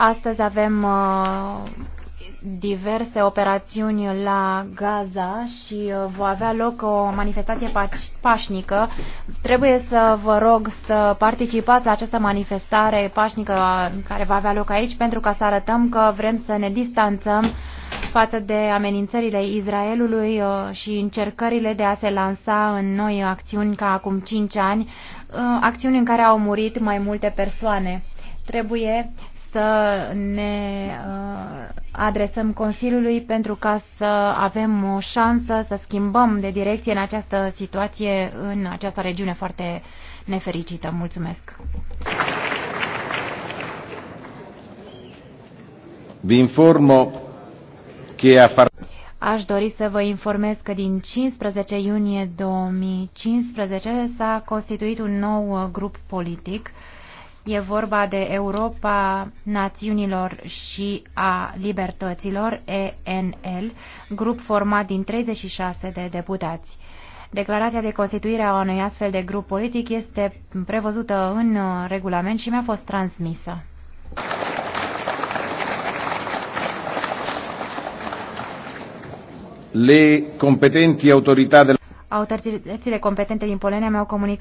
Astăzi avem uh, diverse operațiuni la Gaza și uh, va avea loc o manifestație pașnică. Trebuie să vă rog să participați la această manifestare pașnică uh, care va avea loc aici pentru ca să arătăm că vrem să ne distanțăm față de amenințările Israelului și încercările de a se lansa în noi acțiuni ca acum 5 ani, acțiuni în care au murit mai multe persoane trebuie să ne uh, adresăm Consiliului pentru ca să avem o șansă să schimbăm de direcție în această situație, în această regiune foarte nefericită. Mulțumesc! Vi informo che a far... Aș dori să vă informez că din 15 iunie 2015 s-a constituit un nou uh, grup politic E vorba de Europa Națiunilor și a Libertăților, ENL, grup format din 36 de deputați. Declarația de constituire a unui astfel de grup politic este prevăzută în uh, regulament și mi-a fost transmisă. Le competenti autorità de... Autoritățile competente din Polonia mi-au comunicat